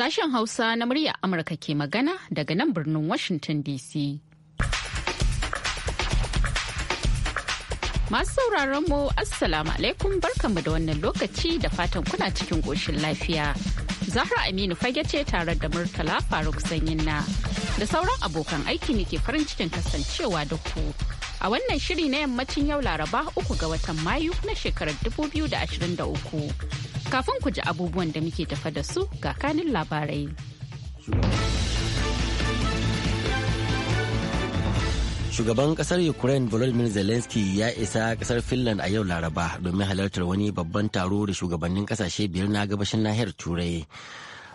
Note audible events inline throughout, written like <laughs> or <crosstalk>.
Sashen Hausa na murya Amurka ke magana daga nan birnin Washington DC. Masu sauraron mu Assalamu alaikum barkanmu da wannan lokaci da fatan kuna cikin ƙoshin lafiya. Zahra Aminu fage ce tare da Murtala Faruk Sanyin na da sauran abokan aiki ne ke farin cikin kasancewa da ku. a wannan shiri na yammacin yau laraba uku ga watan mayu na shekarar 2023 Kafin ku ji abubuwan da muke tafa da su ga kanin labarai. Shugaban kasar Ukraine Volodymyr Zelensky ya isa kasar Finland a yau Laraba domin halartar wani babban taro da shugabannin kasashe biyar na gabashin nahiyar Turai.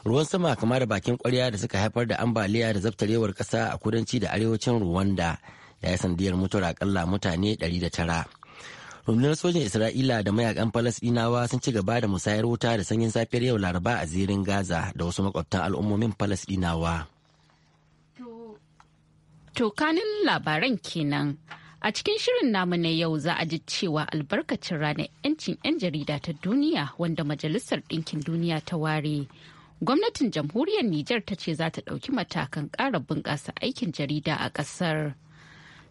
Ruwan sama kama da bakin kwarya da suka haifar da ambaliya da zabtarewar kasa a kudanci da arewacin Rwanda ya yi sandiyar mutuwar akalla mutane 109. rundunar sojin isra'ila da mayakan Falasɗinawa sun ci gaba da musayar wuta da sanyin safiyar yau laraba a zirin gaza da wasu makwabtan al'ummomin Falasɗinawa. to kanin labaran kenan a cikin shirin namu na yau za a ji cewa albarkacin ranar 'yancin 'yan jarida ta duniya wanda majalisar ɗinkin duniya ta ware gwamnatin jamhuriyar Nijar ta ce za ta ɗauki matakan ƙara bunƙasa aikin jarida a ƙasar.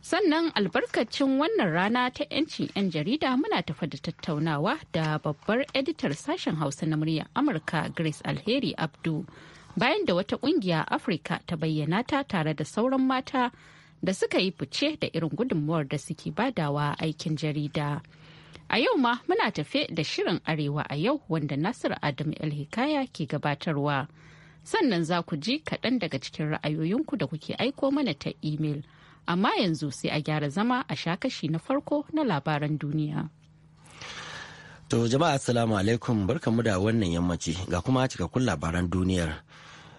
Sannan albarkacin wannan rana ta 'yancin 'yan jarida muna tafa da tattaunawa da babbar editar sashen Hausa na muryar Amurka Grace Alheri Abdu bayan da wata kungiya Afirka ta bayyana ta tare da sauran mata da suka yi fice da irin gudunmuwar da suke badawa aikin jarida. A yau ma muna tafe da shirin Arewa a yau wanda Nasiru Adamu El-Hikaya ke gabatarwa. Sannan za ku ji kaɗan daga cikin ra'ayoyinku da kuke aiko mana ta imel. amma yanzu sai a gyara zama a sha kashi na farko na labaran duniya. To jama'a assalamu alaikum barkamu da wannan yammaci ga kuma cikakkun labaran duniyar.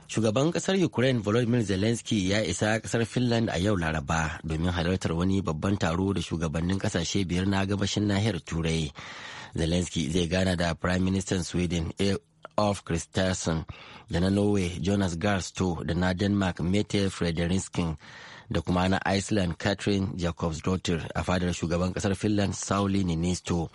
Shugaban kasar Ukraine Volodymyr Zelensky ya isa kasar Finland a yau Laraba domin halartar wani babban taro da shugabannin kasashe biyar na gabashin nahiyar Turai. Zelensky zai gana da Prime Minister Sweden eh, of Kristersson da na Norway Jonas Garstow da na Denmark Mette Frederiksen da kuma na Iceland Catherine Dottir a fadar shugaban kasar Finland Sauli Niinisto.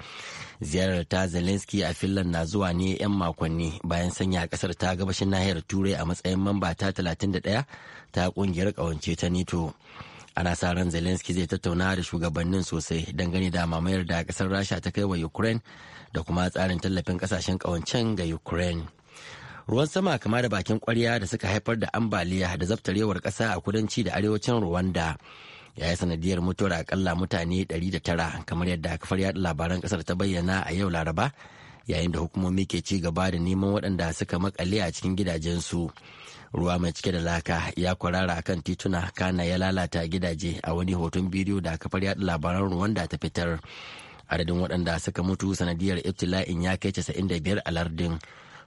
Ziyarar ta zelenski a Finland na zuwa ne 'yan makonni bayan sanya kasar ta gabashin nahiyar Turai a matsayin mamba ta 31 ta kungiyar kawance ta NATO. Ana sa ran zelenski zai tattauna da shugabannin sosai dangane da mamayar da kasar Rasha ta kai wa Ukraine da kuma tsarin tallafin kasashen kawancen ga Ukraine. ruwan sama kama da bakin kwarya da suka haifar da ambaliya da zaftarewar kasa a kudanci da arewacin rwanda ya yi sanadiyar mutuwar akalla mutane 109 kamar yadda kafar yada labaran ƙasar ta bayyana a yau laraba yayin da hukumomi ke ci gaba da neman waɗanda suka makale a cikin gidajensu ruwa mai cike da laka ya kwarara kan tituna kana ya lalata gidaje a wani hoton bidiyo da kafar yada labaran ruwanda ta fitar adadin waɗanda suka mutu sanadiyar ibtila'in ya kai 95 a lardin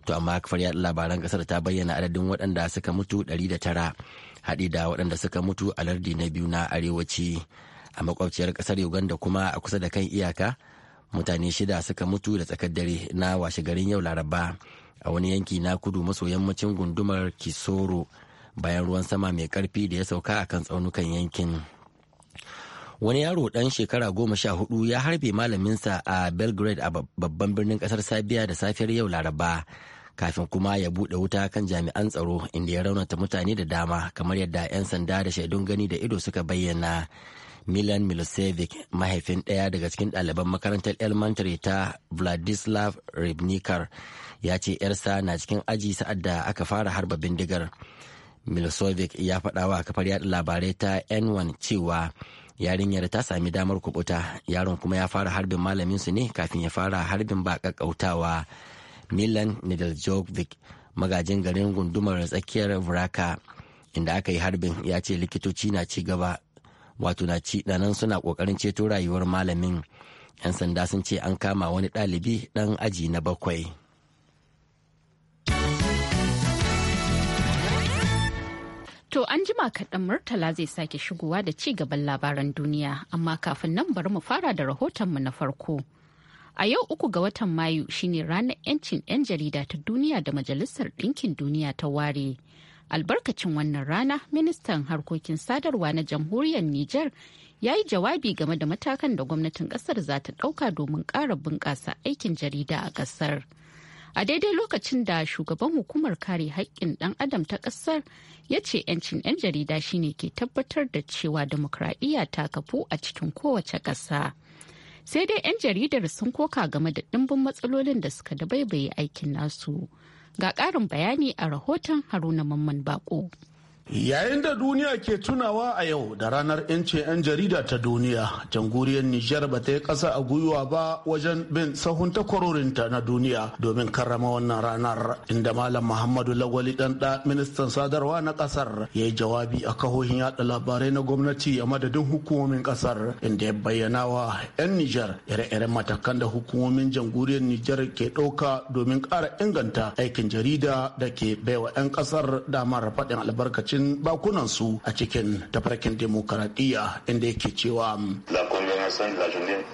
to amma kafar yaɗa labaran kasar ta bayyana adadin waɗanda suka mutu 109 haɗi da waɗanda suka mutu a lardi na biyu na arewaci a makwabciyar kasar uganda kuma a kusa da kan iyaka mutane shida suka mutu da tsakar dare na washe garin yau laraba a wani yanki na kudu maso yammacin gundumar kisoro bayan ruwan sama mai karfi da ya sauka akan tsaunukan yankin wani yaro dan shekara goma sha hudu ya harbe malaminsa a belgrade a babban birnin kasar sabiya da safiyar yau laraba kafin kuma ya buɗe wuta kan jami'an tsaro inda ya raunata mutane da dama kamar yadda 'yan sanda da shaidun gani da ido suka bayyana milan milosevic mahaifin ɗaya daga cikin ɗaliban makarantar elementary ta vladislav ribnikar ya ce 'yarsa na cikin aji sa'ad da aka fara harba bindigar milosevic ya faɗawa wa kafar yaɗa labarai ta n1 cewa yarinyar ta sami damar kubuta yaron kuma ya fara harbin malamin su ne kafin ya fara harbin ba kakkautawa milan nedeljovic magajin garin gundumar tsakiyar vraka inda aka yi harbin ya ce likitoci na ci gaba wato na ci nan suna kokarin ceto rayuwar malamin 'yan sanda sun ce an kama wani ɗalibi ɗan aji na bakwai To an jima kaɗan Murtala zai sake shigowa da ci gaban labaran duniya, amma kafin nan bari mu fara da rahotonmu na farko. A yau uku ga watan Mayu shine ranar 'yancin 'yan jarida ta duniya da Majalisar Ɗinkin Duniya ta ware. Albarkacin wannan rana, ministan harkokin sadarwa na jamhuriyar Nijar ya yi jawabi game da matakan da gwamnatin ƙasar za ta ɗauka domin ƙara bunƙasa aikin jarida a ƙasar. A daidai lokacin da shugaban hukumar kare haƙƙin ɗan adam ta ƙasar ya ce 'yancin 'yan jarida shine ke tabbatar da cewa demokradiyya ta kafu a cikin kowace ƙasa. sai dai 'yan jaridar sun koka game da ɗimbin matsalolin da suka dabaibaye aikin nasu ga ƙarin bayani a rahoton haruna mamman bako. Yayin da duniya ke tunawa a yau da ranar 'yancin 'yan jarida ta duniya, jamhuriyar Nijar ba ta yi ƙasa a gwiwa ba wajen bin sahun takwarorinta na duniya domin karrama wannan ranar, inda Malam Muhammadu Lagwali ɗanɗa ministan sadarwa na ƙasar ya yi jawabi a kahohin yada labarai na gwamnati a madadin hukumomin ƙasar, inda ya bayyana wa 'yan Nijar ire-iren matakan da hukumomin jamhuriyar Nijar ke ɗauka domin ƙara inganta aikin jarida da ke baiwa 'yan ƙasar damar faɗin albarkaci bakunan su a cikin tafarkin demokaradiyya inda yake cewa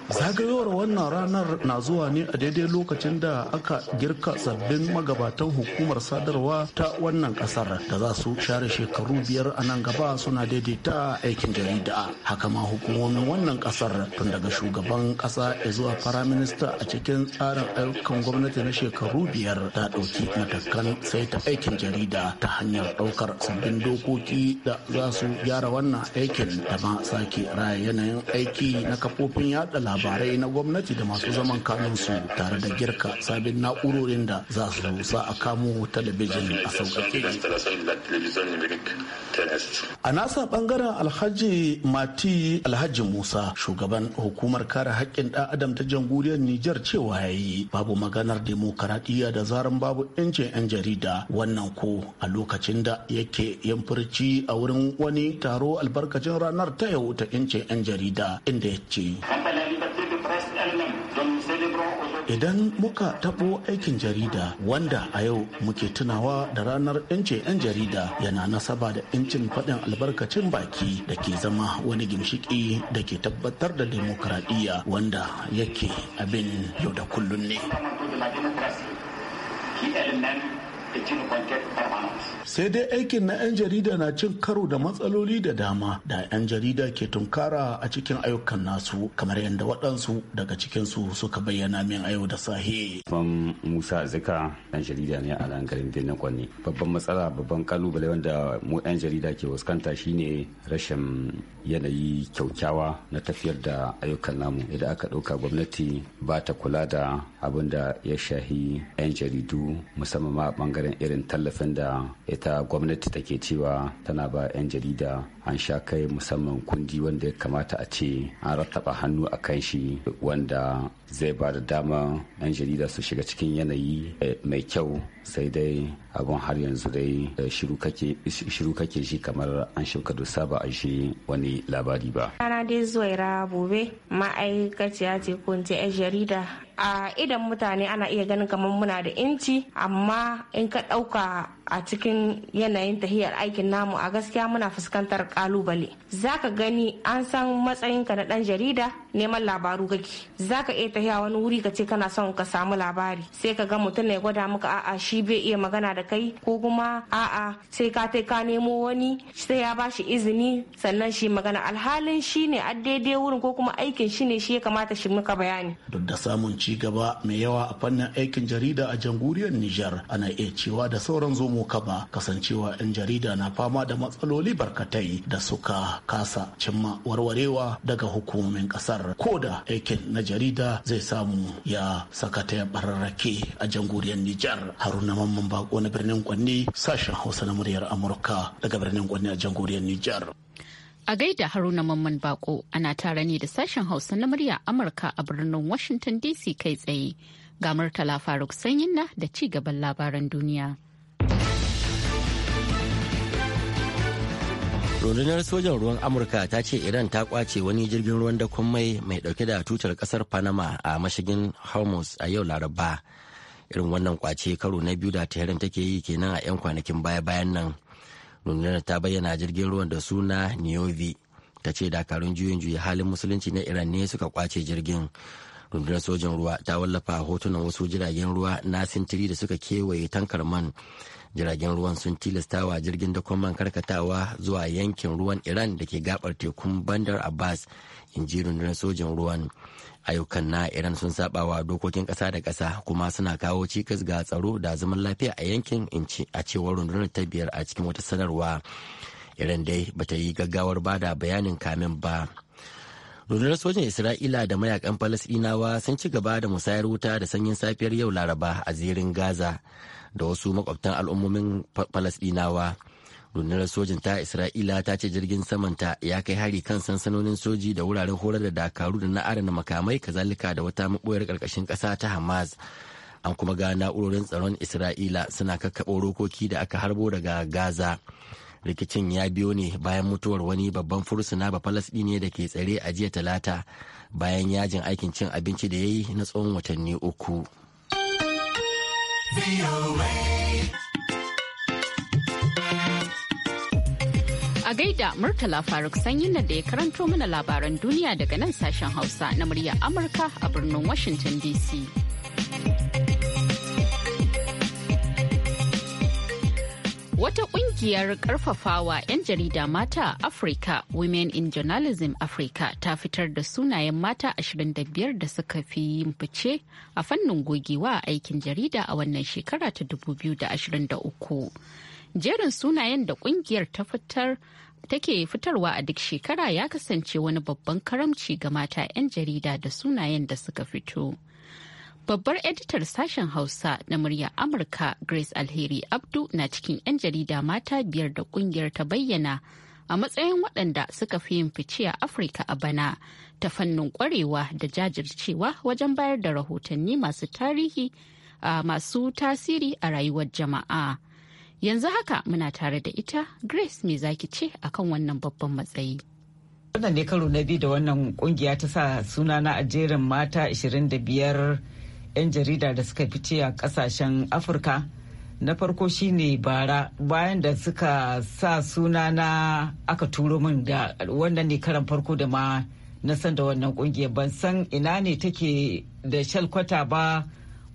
zagayowar wannan ranar na zuwa ne a daidai lokacin da aka girka sabbin magabatan hukumar sadarwa ta wannan kasar da za su share shekaru biyar a nan gaba suna daidaita aikin jarida haka ma hukumomin wannan kasar tun daga shugaban kasa ya zuwa firaminista a cikin tsarin ayyukan gwamnati na shekaru biyar ta ɗauki matakan sai ta aikin jarida ta hanyar ɗaukar sabbin dokoki da za su gyara wannan aikin da ma sake raya yanayin aiki na kafofin yada labarai na gwamnati da masu zaman kanunsu tare da girka sabbin na'urorin da za su rusa a kamo talabijin a sauƙaƙe. A nasa ɓangaren Alhaji Mati Alhaji Musa shugaban hukumar kare haƙƙin ɗan adam ta jamhuriyar Nijar cewa ya yi babu maganar demokaradiyya da zaran babu 'yancin 'yan jarida wannan ko a lokacin da yake yin furci a wurin wani taro albarkacin ranar ta yau ta 'yancin 'yan jarida inda ya ce idan muka taɓo aikin jarida wanda a yau muke tunawa da ranar 'yancin 'yan jarida yana nasaba da 'yancin faɗin albarkacin baki da ke zama wani gimshiki da ke tabbatar da demokradiyya wanda yake abin yau da kullum ne. sai dai aikin na 'yan jarida na cin karo da matsaloli da dama da 'yan jarida ke tunkara a cikin ayyukan nasu kamar yadda waɗansu daga cikinsu suka bayyana min a yau da sahi. Ban Musa Zika ɗan jarida ne a nan garin Birnin Kwanne. Babban matsala babban kalubale wanda mu 'yan jarida ke fuskanta shine rashin yanayi kyaukyawa na tafiyar da ayyukan namu idan aka ɗauka gwamnati ba ta kula da abin da ya shahi 'yan jaridu musamman ma a bangaren irin tallafin da ita gwamnati take cewa tana ba 'yan jarida an sha kai musamman kundi wanda ya kamata a ce an rattaba hannu a kan shi wanda zai ba da dama 'yan jarida su shiga cikin yanayi eh, mai kyau sai dai abun har yanzu dai eh, shiru kake shi kamar an shauka dusa saba a shi wani labari ba. Rana dai zuwaira bobe ma'aikaciya ce ko in jarida a idan mutane ana iya ganin kamar muna da inci amma in ka ɗauka a cikin yanayin tahiyar aikin namu a gaskiya muna fuskantar kalubale za ka gani an san matsayinka na ɗan jarida neman labaru kake za ka iya tahiya wani wuri ka ce kana son ka samu labari sai ka ga mutum ya gwada maka a'a shi bai iya magana da kai ko kuma a'a sai ka tai ka nemo wani sai ya bashi izini sannan shi magana alhalin shi ne a daidai wurin ko kuma aikin shi ne shi ya kamata shi muka bayani duk da samun ci gaba mai yawa a fannin aikin jarida a jamhuriyar Nijar ana iya cewa da sauran zomo kaba kasancewa 'yan jarida na fama da matsaloli barkatai da suka kasa cimma warwarewa daga hukumomin kasar ko da aikin na jarida zai samu ya sakata ya bararrake a jamhuriyar Nijar haruna na mamman bako na birnin kwanni sashen hausa na muryar amurka daga birnin kwanni a jamhuriyar nijar a gaida haruna mamman bako ana tare ne da sashen hausa na murya amurka a birnin washington dc kai tsaye ga murtala faruk sanyin na da ci gaban labaran duniya rundunar sojan ruwan amurka ta ce iran ta kwace wani jirgin ruwan dakon mai mai dauke da tutar kasar panama a mashigin hormuz a yau laraba irin wannan kwace karo na biyu da tehran take yi kenan a 'yan kwanakin baya-bayan nan rundunar ta bayyana jirgin ruwan da suna neovi ta ce dakarun juyin juyi halin musulunci na iran ne suka kwace jirgin rundunar sojin ruwa ta wallafa hotunan wasu jiragen ruwa na sintiri da suka kewaye tankar man jiragen ruwan sun tilastawa jirgin dakon man karkatawa zuwa yankin ruwan iran da ke gabar tekun bandar abbas in ji rundunar sojin ruwan ayyukan na iran sun wa dokokin ƙasa da ƙasa kuma suna kawo cikas ga tsaro da zaman lafiya a yankin inci a cewar rundunar ta biyar a cikin wata sanarwa iran dai bata yi gaggawar bada bayanin kamin ba rundunar sojin isra'ila da mayakan falasɗinawa sun ci gaba da musayar wuta da sanyin safiyar yau laraba a zirin gaza da wasu makwabtan al'ummomin falasɗinawa rundunar sojin ta isra'ila ta ce jirgin samanta ya kai hari kan sansanonin soji da wuraren horar da dakaru da na adana makamai kazalika da wata maboyar karkashin kasa ta hamas an kuma ga na'urorin tsaron isra'ila suna kakkaɓo rokoki da aka harbo daga gaza rikicin ya biyo ne bayan mutuwar wani babban fursuna ba ne da ke tsare a jiya talata bayan yajin aikin cin abinci da ya yi na tsawon watanni uku. gaida Murtala Faruk Sanyin da ya karanto mana labaran duniya daga nan sashen Hausa na murya Amurka a birnin Washington DC. Wata ƙungiyar ƙarfafawa 'yan jarida mata a Afirka Women in Journalism Africa ta fitar da sunayen mata 25 da suka fi yin fice a fannin gogewa aikin jarida a wannan shekara ta 2023. jerin sunayen da ƙungiyar ta fitar take fitarwa a duk shekara ya kasance wani babban karamci ga mata 'yan jarida da sunayen da suka fito. Babbar editar sashen Hausa na murya Amurka Grace Alheri Abdu na cikin 'yan jarida mata biyar da kungiyar ta bayyana a matsayin waɗanda suka fi yin fice a Afirka a bana ta fannin ƙwarewa da jajircewa wajen bayar da rahotanni masu tarihi masu tasiri a rayuwar jama'a. Yanzu haka muna tare da ita Grace mai zaki ce akan wannan babban matsayi. Wannan ne karo na biyu da wannan kungiya ta sa suna na ajerin mata 25 'yan jarida da suka fice a kasashen Afirka. Na farko shine bara bayan da suka sa suna na aka turo min da wannan ne karan farko da ma na san da wannan kungiyar ban san ina ne take da shalkwata ba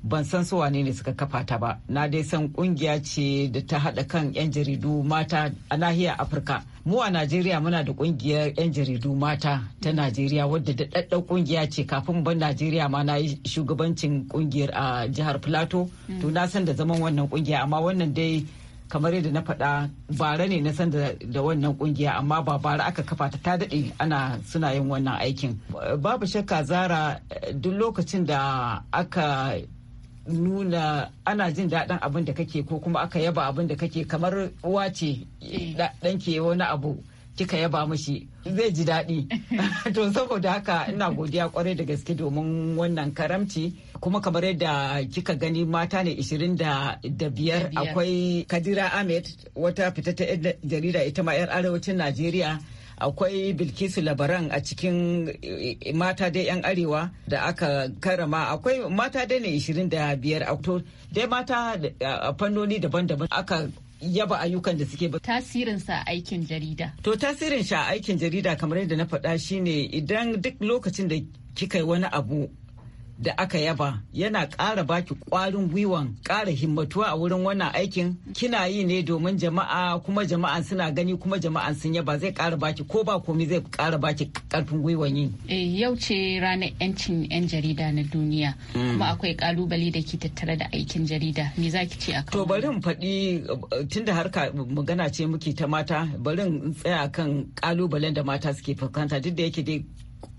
ban san su wane ne suka kafa ta ba na dai san kungiya ce da ta haɗa kan 'yan jaridu mata a nahiyar afirka mu a najeriya muna da kungiyar 'yan jaridu mata ta najeriya wadda da ɗaɗɗan kungiya ce kafin ban najeriya ma na yi shugabancin kungiyar a jihar plateau mm. to na san da zaman wannan kungiya amma wannan dai kamar yadda na faɗa bara ne na san da wannan kungiya amma ba bara aka kafa ta daɗe ana suna yin wannan aikin babu shakka zara eh, duk lokacin da aka nuna ana jin daɗin abin da kake ko kuma aka yaba abin da kake kamar uwa ce eh. ɗanke wani abu kika yaba mashi zai ji daɗi <laughs> to saboda haka ina godiya kwarai da gaske domin wannan karamci kuma kamar yadda kika gani mata ne 25 akwai kadira ahmed wata fita ta jarida ita ma 'yar arewacin najeriya akwai bilkisu labaran a cikin eh, mata dai 'yan arewa da aka karama akwai mata dai ne 25 a dai mata a fannoni daban-daban aka yaba ayyukan da suke ba. Tasirin sa aikin jarida. To tasirin sha aikin jarida kamar yadda na faɗa shine idan duk lokacin da kika yi wani abu da aka yaba yana ƙara baki ƙwarin gwiwan ƙara himmatuwa a wurin wannan aikin kina yi ne domin jama'a kuma jama'an suna gani kuma jama'a sun yaba zai ƙara baki ko ba komai zai ƙara baki ƙarfin gwiwan yi. E, yau ce ranar 'yancin 'yan jarida na duniya mm. kuma akwai ƙalubale da ke tattare da aikin jarida me za ki ce a To bari in faɗi tunda harka magana ce muke ta mata bari in tsaya kan ƙalubalen da mata suke fuskanta duk da yake dai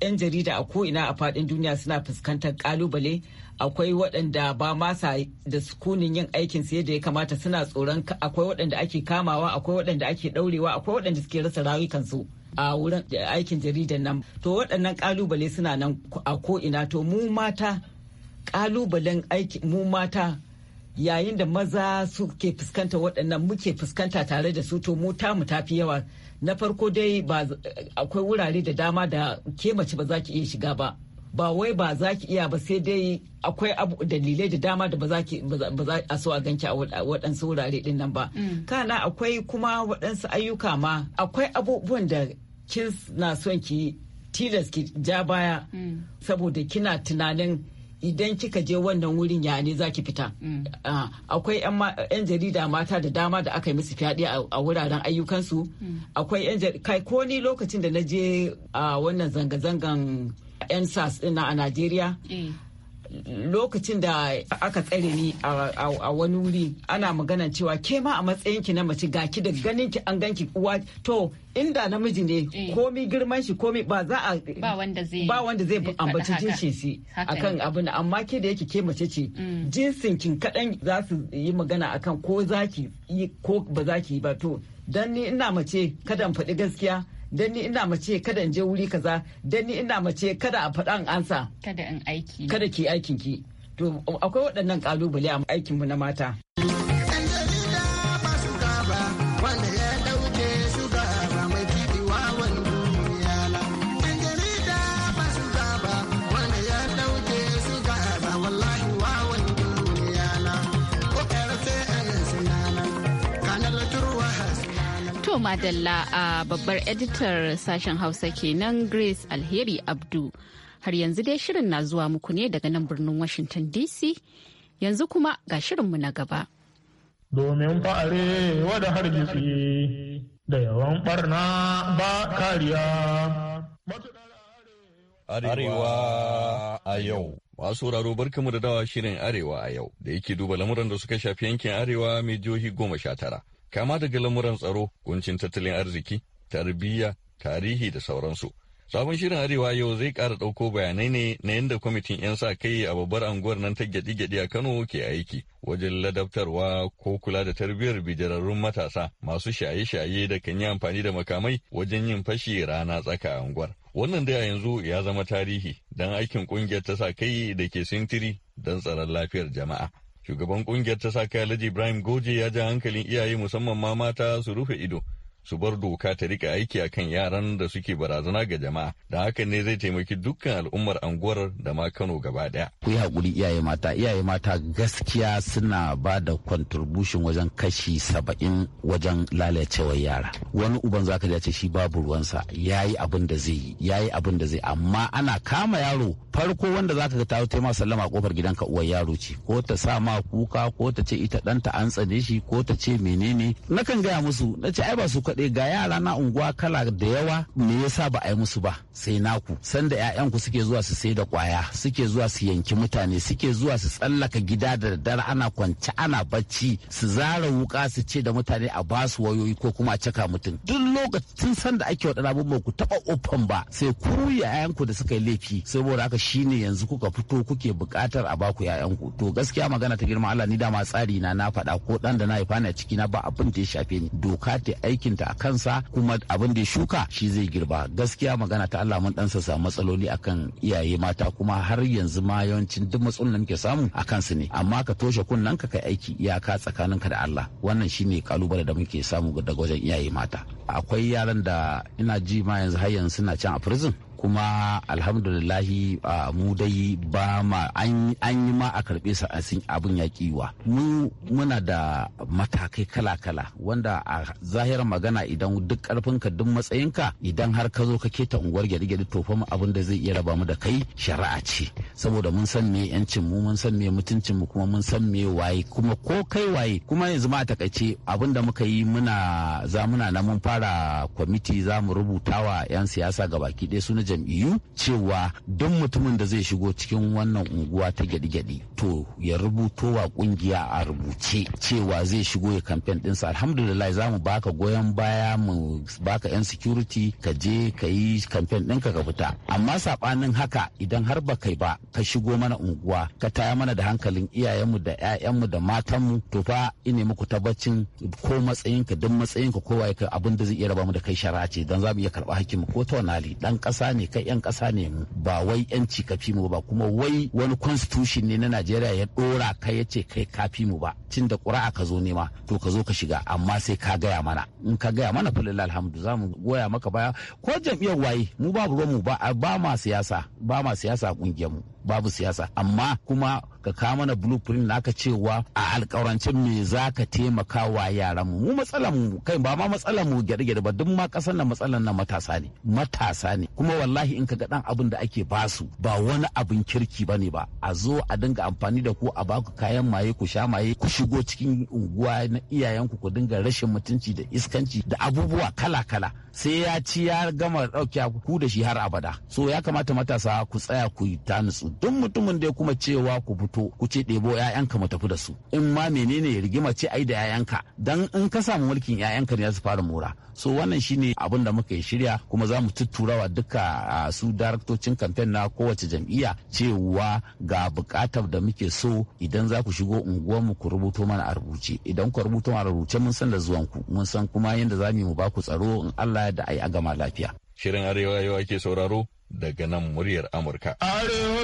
'yan jarida a ko'ina a faɗin duniya suna fuskantar kalubale akwai waɗanda ba masa da sukunin yin aikin su yadda ya kamata suna tsoron akwai waɗanda ake kamawa akwai waɗanda ake ɗaurewa akwai waɗanda suke rasa rayukansu a wurin aikin jaridan nan to waɗannan kalubale suna nan a ko'ina to mu mata kalubalen aiki mu mata yayin da maza suke fuskanta waɗannan muke fuskanta tare da su to mu tafi yawa na farko dai ba akwai wurare da dama da ke mace ba za ki iya shiga ba ba wai ba za ki iya ba sai dai akwai dalilai da dama da ba za a so a ganki a waɗansu wurare ɗin nan ba mm. kana akwai kuma waɗansu ayyuka ma akwai abubuwan da kin na son ki tilas ki ja baya mm. saboda kina tunanin idan kika je wannan wurin ya ne za ki fita mm. ah, akwai 'yan jarida mata da dama da aka yi musu fyaɗe a wuraren ayyukansu mm. akwai 'yan kai ko ni lokacin da na je a ah, wannan zanga-zangan 'yan sas ɗin a najeriya eh. lokacin da aka tsare ni a wani wuri ana magana cewa ke ma a ki na mace ga ki da ganin ki an ganki uwa to inda namiji ne eh. komi girman shi komi ba za a ba wanda zai ambaci jinsin shi akan abin amma ke da yake ke mace ce mm. jinsin kin kadan za su yi magana akan ko zaki yi ko ba zaki yi ba to dan ni ina mace kada faɗi gaskiya dan ni ina mace kada in je wuri kaza dan ni ina mace kada a faɗa ansa kada in aiki kada ki aikin ki to akwai waɗannan kalubale a aikin mu na mata. To Madalla a babbar editar sashen Hausa kenan Grace Alheri Abdu. Har yanzu dai shirin na zuwa muku ne daga nan birnin Washington DC. Yanzu kuma ga shirinmu na gaba. Domin fa'are wada hargitsi da yawan barna ba kariya. Arewa a yau. Masu sauraro barkamu da dawa shirin Arewa a yau da yake duba lamuran da suka shafi yankin Arewa mai jihohi goma sha tara. kama daga lamuran tsaro, kuncin tattalin arziki, tarbiyya, tarihi da sauransu. Sabon shirin Arewa yau zai ƙara ɗauko bayanai ne na yadda kwamitin 'yan sa kai a babbar anguwar nan ta gyaɗi-gyaɗi a Kano ke aiki wajen ladabtarwa ko kula da tarbiyyar bijirarrun matasa masu shaye-shaye da kan yi amfani da makamai wajen yin fashi rana tsaka a unguwar. Wannan dai a yanzu ya zama tarihi don aikin ƙungiyar ta sa kai da ke sintiri don tsaron lafiyar jama'a. Shugaban kungiyar ta sa Alhaji Ibrahim Goje ya ja hankalin iyaye musamman ma mata su rufe ido su bar doka ta rika aiki a kan yaran da suke barazana ga jama'a da haka ne zai taimaki dukkan al'ummar anguwar da ma Kano gaba daya. Ku yi hakuri iyaye mata iyaye mata gaskiya suna ba da contribution wajen kashi saba'in wajen lalacewar yara. Wani uban za ka ce shi babu ruwansa yi abin da zai yi ya yi abin da zai amma ana kama yaro farko wanda zaka ga ta taimaka sallama a kofar gidanka uwar yaro ce ko ta sa ma kuka ko ta ce ita danta an tsane shi ko ta ce menene nakan gaya musu na ce ai ba su faɗe ga yara na unguwa kala da yawa me yasa ba a yi musu ba sai naku sanda ku suke zuwa su sai da kwaya suke zuwa su yanki mutane suke zuwa su tsallaka gida da daddare ana kwance ana bacci su zara wuka su ce da mutane a ba su wayoyi ko kuma a caka mutum duk lokacin sanda ake waɗannan abubuwan ku taɓa ofan ba sai ku yayanku da suka yi laifi saboda haka shine yanzu kuka fito kuke buƙatar a baku yayanku to gaskiya magana ta girma Allah ni dama tsari na na faɗa ko ɗan da na haifa na ciki na ba abin da ya shafe ni doka ta aikin ta a kansa kuma abin da ya shuka shi zai girba gaskiya magana ta Allah mun dan samu matsaloli akan iyaye mata kuma har yanzu ma yawancin duk matsalolin da muke samu a kansu ne amma ka toshe kunnen ka kai aiki iyaka tsakaninka da Allah wannan shine kalubale da muke samu daga wajen iyaye mata akwai yaran da ina ji ma yanzu har yanzu suna can a prison kuma alhamdulillahi mu dai ba ma an yi ma a karɓe sa abin ya kiwa mu muna da matakai kala-kala wanda a zahiran magana idan duk karfinka duk matsayinka idan har ka zo ka keta unguwar gyare-gyare to fa abin da zai iya raba mu da kai shari'a ce saboda mun san me yancin mu mun san me mutuncin mu kuma mun san me waye kuma ko kai waye kuma yanzu ma a takaice abin da muka yi muna za muna na mun fara kwamiti za mu rubuta wa 'yan siyasa gabaki ɗaya suna jam'iyyu cewa duk mutumin da zai shigo cikin wannan unguwa ta gyaɗi-gyaɗi to ya rubuto wa kungiya a rubuce cewa zai shigo ya kamfen ɗinsa alhamdulillah za mu baka goyon baya mu baka yan security ka je ka yi kamfen ɗinka ka fita amma saɓanin haka idan har ba kai ba ka shigo mana unguwa ka taya mana da hankalin iyayenmu da 'ya'yanmu da matanmu to fa ina muku tabbacin ko matsayinka duk matsayinka kowa ya abin da zai iya raba mu da kai shara ce don za mu iya karɓa hakkinmu ko ta wani hali ɗan ƙasa ne kai yan ƙasa ne mu ba wai yanci fi mu ba kuma wai wani constitution ne na Najeriya ya dora kai ya ce kai kafi mu ba tun da ƙura'a ka zo nema to ka zo ka shiga amma sai ka gaya mana in ka gaya mana falilla alhamdu za mu goya maka baya ko jam'iyyar waye mu babu mu ba ma siyasa ba ma siyasa kungiyar mu babu siyasa amma kuma ka kawo mana blueprint naka cewa a alƙawancin me za ka taimaka wa yaran mu mu matsalar mu kai ba ma matsalar mu gyare-gyare ba duk ma ƙasar na matsalar na matasa ne matasa ne kuma wallahi in ka ga ɗan abin da ake ba su ba wani abin kirki ba ne ba a zo a dinga amfani da ku a baku kayan maye ku sha maye ku shigo cikin unguwa na iyayenku ku dinga rashin mutunci da iskanci da abubuwa kala-kala sai ya ci ya gama ɗauke ku da shi har abada so ya kamata matasa ku tsaya ku yi ta nutsu duk mutumin da ya kuma cewa ku fito ku ce ɗebo ƴaƴanka mu tafi da su in ma menene rigima ce ai da ƴaƴanka dan in ka samu mulkin ƴaƴanka ne za su fara mura so wannan shine abin da muka yi shirya kuma za mu tutturawa duka su daraktocin kamfen na kowace jam'iyya cewa ga buƙatar da muke so idan za ku shigo unguwarmu ku rubuto mana a rubuce idan ku rubuto mana a rubuce mun san da zuwan ku mun san kuma yadda za mu ba ku tsaro in Allah ya da ai a gama lafiya shirin arewa yau ake sauraro daga nan muryar Amurka. Arewa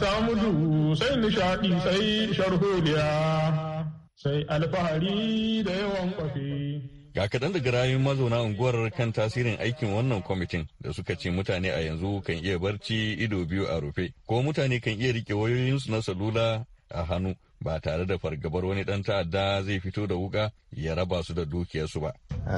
ta mutu sai nishaɗi sai sharholiya sai alfahari da yawan kwafi. Ga kaɗan daga rayun mazauna unguwar kan tasirin aikin wannan kwamitin da suka ce mutane a yanzu kan iya barci ido biyu a rufe, ko mutane kan iya rike wayoyinsu na salula a hannu ba tare da fargabar wani ɗan ta'adda zai fito da wuka ya raba su da dukiyarsu ba.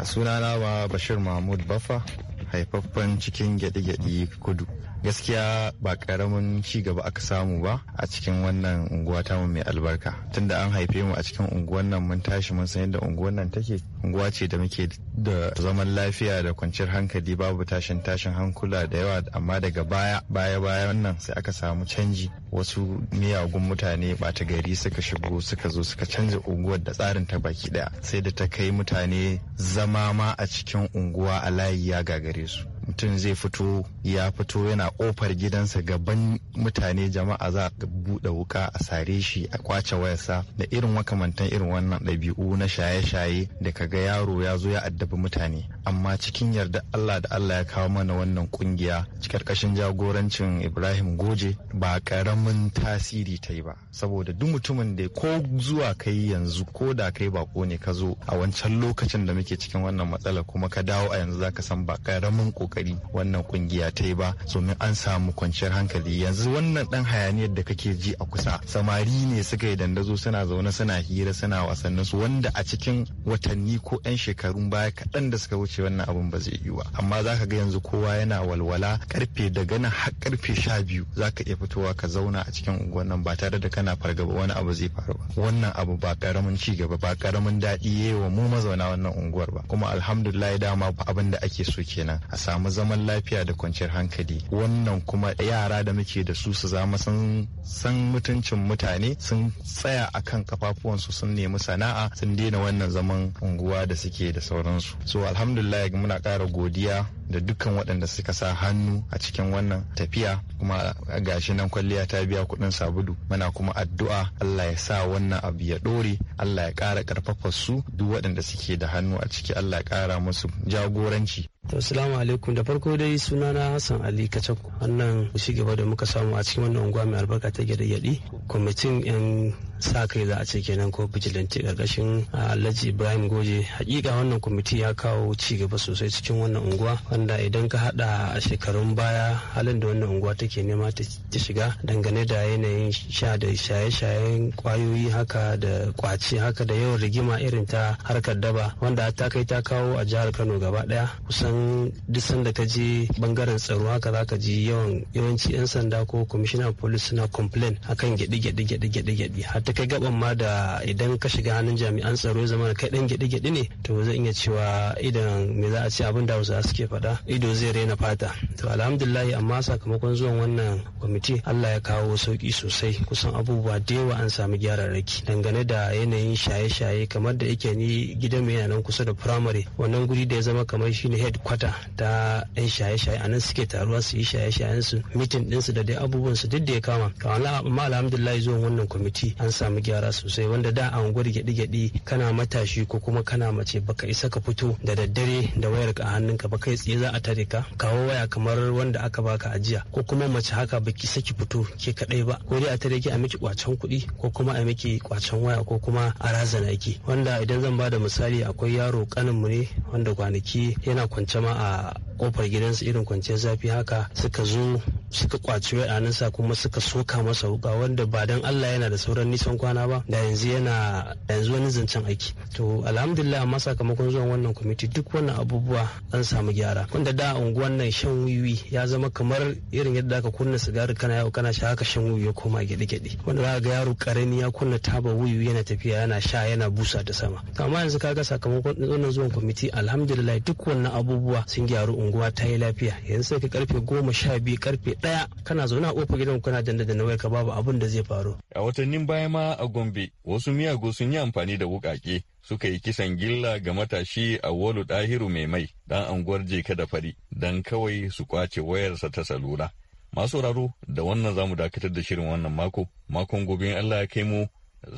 Sunana ba Bashir Mahmud Baffa haifaffen cikin gyaɗe-gyaɗe kudu gaskiya ba karamin ci gaba aka samu ba a cikin wannan unguwa ta mu mai albarka tunda an haife mu a cikin unguwan nan mun tashi mun san yadda unguwan nan take unguwa ce da muke da zaman lafiya da kwanciyar hankali babu tashin tashin hankula da yawa amma daga baya baya bayan nan sai aka samu canji wasu miyagun mutane bata gari suka shigo suka zo suka canza unguwar da tsarin ta baki daya sai da ta kai mutane zama ma a cikin unguwa a layi ya gagare su mutum zai fito ya fito yana kofar gidansa gaban mutane jama'a za a buɗe wuka a sare shi a kwace wayarsa da irin makamantan irin wannan ɗabi'u na shaye-shaye da kaga yaro ya zo ya addabi mutane amma cikin yarda Allah da Allah ya kawo mana wannan kungiya karkashin jagorancin Ibrahim Goje ba karamin tasiri ta yi ba saboda duk mutumin da ko zuwa kai yanzu ko da kai bako ne ka zo a wancan lokacin da muke cikin wannan matsala kuma ka dawo a yanzu zaka san ba karamin kokari wannan kungiya ta yi ba domin an samu kwanciyar hankali yanzu wannan dan hayaniyar da kake ji a kusa samari ne suka yi dandazo suna zaune suna hira suna wasannin su wanda a cikin watanni ko 'yan shekarun baya kaɗan da suka wuce wannan abun ba zai yi ba amma za ka ga yanzu kowa yana walwala karfe da gana har karfe sha biyu za ka iya fitowa ka zauna a cikin unguwan ba tare da kana fargaba wani abu zai faru ba wannan abu ba karamin ci gaba ba karamin daɗi yayi wa mu mazauna wannan unguwar ba kuma alhamdulillah dama abin da ake so kenan a samu samu zaman lafiya da kwanciyar hankali wannan kuma yara da muke da su su zama sun san mutuncin mutane sun tsaya akan kafafuwansu sun nemi sana'a sun daina wannan zaman unguwa da suke da sauransu so alhamdulillah muna ƙara godiya da dukkan waɗanda suka sa hannu a cikin wannan tafiya kuma gashi nan kwalliya ta biya kuɗin sabudu muna kuma addu'a Allah ya sa wannan abu ya ɗore Allah ya ƙara ƙarfafa su duk waɗanda suke da hannu a ciki Allah ya ƙara musu jagoranci To salamu alaikum da farko dai sunana Hassan Ali Kacak wannan shi gaba da muka samu a cikin wannan unguwa mai albarka ta gyaɗe-gyaɗe kwamitin 'yan sa kai za a ce kenan ko vigilante karkashin alhaji ibrahim goje hakika wannan kwamiti ya kawo ci gaba sosai cikin wannan unguwa wanda idan ka hada a shekarun baya halin da wannan unguwa take nema ta shiga dangane da yanayin sha da shaye-shayen kwayoyi haka da kwaci haka da yawan rigima irin ta harkar daba wanda ta kai ta kawo a jihar kano gaba daya kusan duk sanda ka je bangaren tsaro haka zaka ji yawan yawanci yan sanda ko kwamishinan police suna complain akan gyaɗe-gyaɗe gyaɗe-gyaɗe har ta kai gaban ma da idan ka shiga hannun jami'an tsaro ya zama kai dan gidi-gidi ne to zai iya cewa idan me za a ce abin da hausa suke faɗa ido zai raina fata to alhamdulillah amma sakamakon zuwan wannan kwamiti Allah ya kawo sauki sosai kusan abubuwa da yawa an samu gyararraki dangane da yanayin shaye-shaye kamar da yake ni gidan mai nan kusa da primary wannan guri da ya zama kamar shine headquarter ta yan shaye-shaye a nan suke taruwa su yi shaye-shayen su mitin ɗinsu da dai abubuwan su duk da ya kama amma alhamdulillah zuwan wannan kwamiti samu gyara sosai wanda da a unguwar gyaɗi-gyaɗi kana matashi ko kuma kana mace baka isa ka fito da daddare da wayar ka a hannunka ka kai tsaye za a tare ka kawo waya kamar wanda aka baka ajiya ko kuma mace haka baki saki fito ke kaɗai ba ko dai a tare ki a miki kwacen kuɗi ko kuma a miki kwacen waya ko kuma a razana ki wanda idan zan ba da misali akwai yaro kaninmu ne wanda kwanaki yana kwance ma a kofar gidansa irin kwanciyar zafi haka suka zo suka kwaci nansa kuma suka soka masa wuka wanda ba dan Allah yana da sauran nisan kwana ba da yanzu yana yanzu wani zancen aiki to alhamdulillah amma sakamakon zuwan wannan kwamiti duk wannan abubuwa an samu gyara wanda da unguwan nan shan wiwi ya zama kamar irin yadda aka kunna sigari kana yau kana sha haka shan wiwi ya koma gyaɗe-gyaɗe wanda za ga yaro karami ya kunna taba wiwi yana tafiya yana sha yana busa da sama amma yanzu kaga sakamakon wannan zuwan kwamiti alhamdulillah duk wannan abubuwa sun gyaru unguwa ta yi lafiya yanzu sai ka karfe goma sha biyu karfe ɗaya kana zaune a kofar gidan kana danda da nawai ka babu abin da zai faru. a watannin baya ma a gombe wasu miyagu sun yi amfani da wuƙaƙe suka yi kisan gilla ga matashi a walu ɗahiru mai mai dan anguwar jeka da fari dan kawai su kwace wayarsa ta salula. masu raro da wannan zamu dakatar da shirin wannan mako makon gobe Allah ya kai mu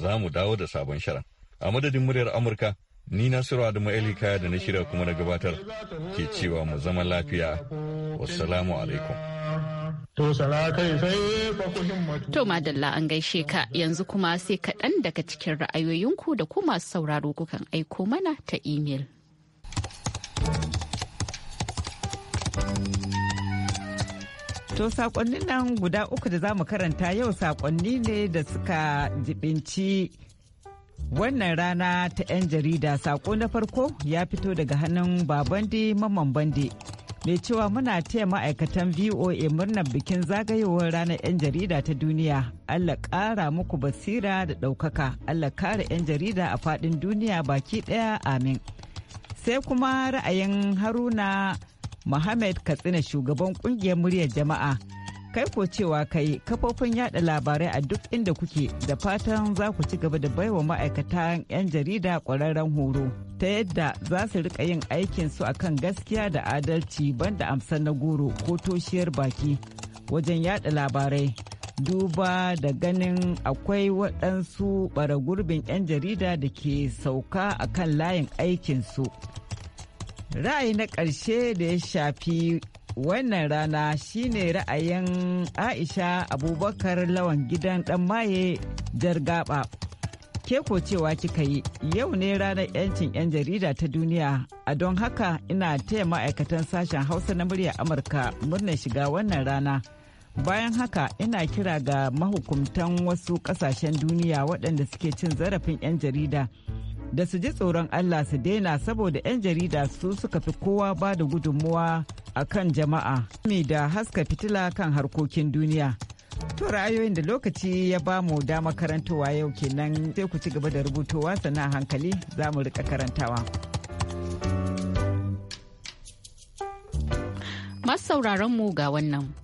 za mu dawo da sabon shirin a madadin muryar amurka Ni Nasiru Adamu Eli Kaya da na shirya kuma na gabatar ke cewa mu zama lafiya. Wassalamu alaikum. To sai ku To madalla an gaishe ka yanzu kuma sai kaɗan daga cikin ra'ayoyinku da kuma sauraro kukan aiko mana ta imel. To sakonni nan guda uku da za mu karanta yau sakonni ne da suka jibinci Wannan rana ta 'yan jarida sako na farko ya fito daga hannun Babande Maman Bande. Mai cewa muna taya ma'aikatan VOA murnar bikin zagayowar ranar 'yan jarida ta duniya. Allah ƙara muku basira da ɗaukaka. Allah kare 'yan jarida a faɗin duniya baki ɗaya amin. Sai kuma ra'ayin Haruna Muhammad Katsina shugaban ƙungiyar muryar jama'a. kai ko cewa kai kafofin yada labarai a duk inda kuke da fatan za ku ci gaba da baiwa ma'aikatan 'yan jarida kwararren horo ta yadda za su rika yin aikin su akan gaskiya da adalci banda amsar na goro ko toshiyar baki wajen yada labarai duba da ganin akwai waɗansu bara gurbin 'yan jarida da ke sauka akan layin aikinsu ra'ayi na ƙarshe da ya shafi wannan rana shine ra'ayin aisha abubakar lawan gidan dan maye ke ko cewa kika yi yau ne ranar 'yancin 'yan jarida ta duniya a don haka ina taya ma'aikatan sashen hausa na murya amurka murnar shiga wannan rana bayan haka ina kira ga mahukumtan wasu kasashen duniya waɗanda suke cin zarafin 'yan jarida da su ji tsoron allah su daina saboda 'yan jarida su suka fi kowa ba da gudunmuwa a kan jama'a mai da haska fitila kan harkokin duniya. To ra'ayoyin da lokaci ya ba mu dama karantowa yau kenan sai ku ci gaba da rubutowa sannan hankali za mu rika karantawa. Masu sauraron mu ga wannan.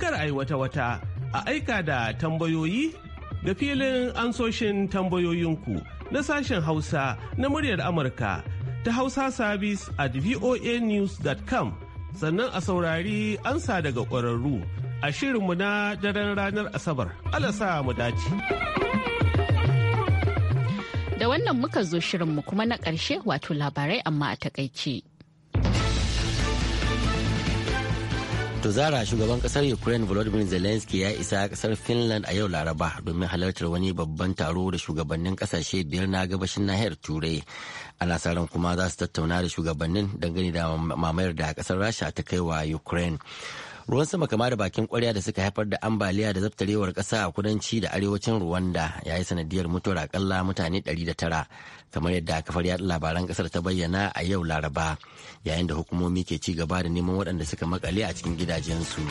kar a yi wata-wata a aika da tambayoyi da filin ansoshin tambayoyinku na sashen hausa na muryar amurka ta hausa service at voanews.com sannan a saurari ansa daga ƙwararru a shirinmu na daren ranar asabar alasa mu dace da wannan muka zo shirinmu kuma na ƙarshe wato labarai amma a takaice. To zara shugaban kasar Ukraine Volodymyr Zelensky ya isa kasar Finland a yau Laraba domin halartar wani babban taro da shugabannin kasashe biyar na gabashin nahiyar Turai. Ana sa ran kuma za su tattauna da shugabannin dangane da mamayar da kasar Rasha ta kai wa Ukraine. ruwan sama kama da bakin kwarya da suka haifar da ambaliya da zaftarewar ƙasa a kudanci da arewacin ruwanda ya yi sanadiyar mutuwar akalla mutane 109 kamar yadda kafar yaɗa labaran ƙasar ta bayyana a yau Laraba yayin da hukumomi ke ci gaba da neman waɗanda suka makale a cikin gidajensu.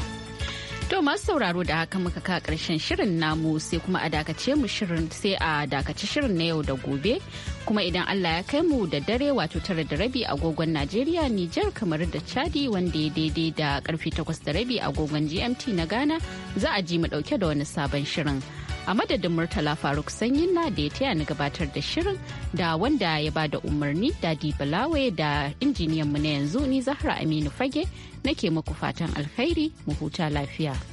To masu sauraro da haka muka ka karshen shirin namu sai kuma a dakace mu shirin sai a dakace shirin na yau da gobe kuma idan Allah ya kai mu da dare wato tara da rabi agogon Najeriya Nijar kamar da Chadi wanda ya daidai da karfe takwas da rabi agogon GMT na Ghana za a ji mu dauke da wani sabon shirin. a madadin murtala faruk sanyin na da ya taya ni gabatar da shirin da wanda ya ba da umarni dadi balawe da injiniyan mu na yanzu ni zahra aminu fage nake muku fatan alkhairi mu huta lafiya.